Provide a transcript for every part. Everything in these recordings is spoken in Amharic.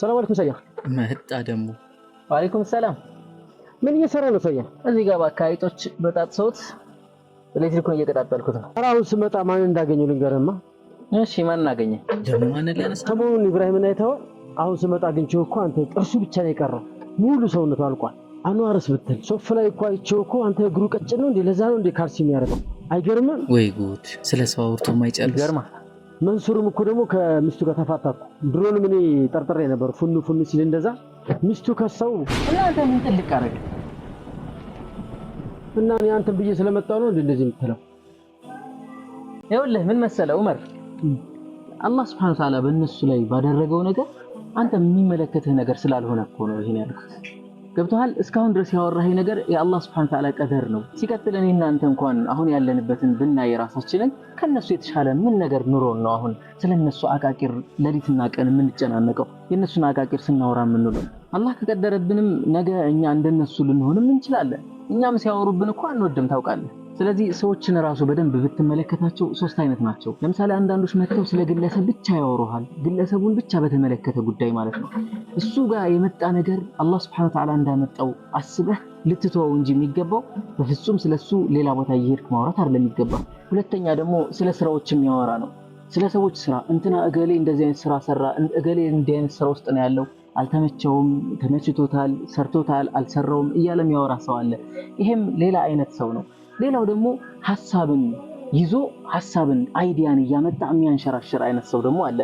ሰላም አለይኩም ሰያ መጣ ደግሞ ወአለይኩም ሰላም ምን እየሰራ ነው ሰያ እዚህ ጋር ባካይጦች በጣጥሰውት ኤሌክትሪኩን እየቀጣጠልኩት ነው አሁን ስመጣ ማን እንዳገኘው ልንገርህማ እሺ ማን እናገኘ ደግሞ ማን ሊያነሳ ሰሞኑን ኢብራሂምን አይተኸው አሁን ስመጣ አግኝቼው እኮ አንተ ጥርሱ ብቻ ነው የቀረው ሙሉ ሰውነቱ አልቋል አኗርስ ብትል ሶፍ ላይ እኮ አይቼው እኮ አንተ እግሩ ቀጭን ነው እንዴ ለዛ ነው እንዴ ካልሲ የሚያደርገው አይገርምም ወይ ጉድ ስለ ሰው አውርቶ የማይጨርስ ይገርማል መንሱርም እኮ ደግሞ ከሚስቱ ጋር ተፋታኩ። ድሮንም እኔ ጠርጥሬ ነበር ፉኑ ፉኑ ሲል እንደዛ ሚስቱ ከሰው እናንተ ምን ጥልቅ አረግ እና እኔ አንተን ብዬ ስለመጣ ነው እንደዚህ የምትለው። ይኸውልህ ምን መሰለ ዑመር፣ አላህ ስብሐነ ወተዓላ በእነሱ ላይ ባደረገው ነገር አንተ የሚመለከትህ ነገር ስላልሆነ እኮ ነው ይሄን ያልኩት። ገብተሃል። እስካሁን ድረስ ያወራኸኝ ነገር የአላህ ስብሐነ ተዓላ ቀደር ነው። ሲቀጥል እኔ እናንተ እንኳን አሁን ያለንበትን ብናይ ራሳችንን ከነሱ የተሻለ ምን ነገር ኑሮን ነው አሁን ስለነሱ አቃቂር ሌሊትና ቀን የምንጨናነቀው? የእነሱን አቃቂር ስናወራ የምንውለው። አላህ ከቀደረብንም ነገ እኛ እንደነሱ ልንሆንም እንችላለን። እኛም ሲያወሩብን እኮ አንወድም ታውቃለህ። ስለዚህ ሰዎችን ራሱ በደንብ ብትመለከታቸው ሶስት አይነት ናቸው። ለምሳሌ አንዳንዶች መጥተው ስለ ግለሰብ ብቻ ያወሩሃል፣ ግለሰቡን ብቻ በተመለከተ ጉዳይ ማለት ነው። እሱ ጋር የመጣ ነገር አላህ ስብሐነ ወተዓላ እንዳመጣው አስበህ ልትተወው እንጂ የሚገባው በፍጹም ስለሱ ሌላ ቦታ እየሄድክ ማውራት አይደለም የሚገባ። ሁለተኛ ደግሞ ስለ ስራዎች የሚያወራ ነው። ስለ ሰዎች ስራ እንትና እገሌ እንደዚህ አይነት ስራ ሰራ፣ እገሌ እንዲህ አይነት ስራ ውስጥ ነው ያለው አልተመቸውም፣ ተመችቶታል፣ ሰርቶታል፣ አልሰራውም እያለም ያወራ ሰው አለ። ይሄም ሌላ አይነት ሰው ነው። ሌላው ደግሞ ሀሳብን ይዞ ሀሳብን አይዲያን እያመጣ የሚያንሸራሽር አይነት ሰው ደግሞ አለ።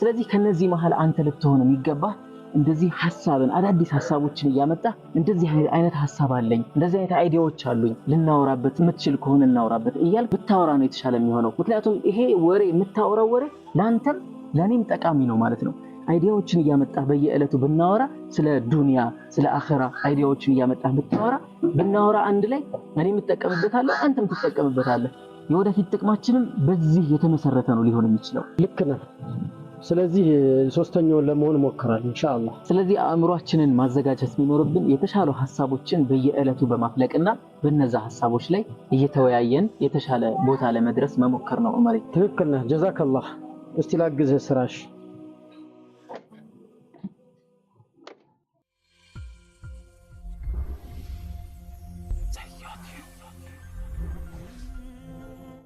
ስለዚህ ከነዚህ መሀል አንተ ልትሆን የሚገባ እንደዚህ ሀሳብን አዳዲስ ሀሳቦችን እያመጣ እንደዚህ አይነት ሀሳብ አለኝ፣ እንደዚህ አይነት አይዲያዎች አሉኝ፣ ልናወራበት የምትችል ከሆነ እናወራበት እያል ብታወራ ነው የተሻለ የሚሆነው። ምክንያቱም ይሄ ወሬ የምታወራው ወሬ ለአንተም ለእኔም ጠቃሚ ነው ማለት ነው። አይዲያዎችን እያመጣ በየዕለቱ ብናወራ ስለ ዱንያ ስለ አኸራ አይዲያዎችን እያመጣ ብታወራ ብናወራ አንድ ላይ እኔ የምጠቀምበታለሁ፣ አንተም ትጠቀምበታለህ። የወደፊት ጥቅማችንም በዚህ የተመሰረተ ነው ሊሆን የሚችለው። ልክ ነህ። ስለዚህ ሶስተኛውን ለመሆን ሞክራል እንሻላ። ስለዚህ አእምሯችንን ማዘጋጀት የሚኖርብን የተሻሉ ሀሳቦችን በየዕለቱ በማፍለቅና በነዛ ሀሳቦች ላይ እየተወያየን የተሻለ ቦታ ለመድረስ መሞከር ነው። ዑመር፣ ትክክል ነህ። ጀዛከላህ። እስቲ ላግዝህ ስራሽ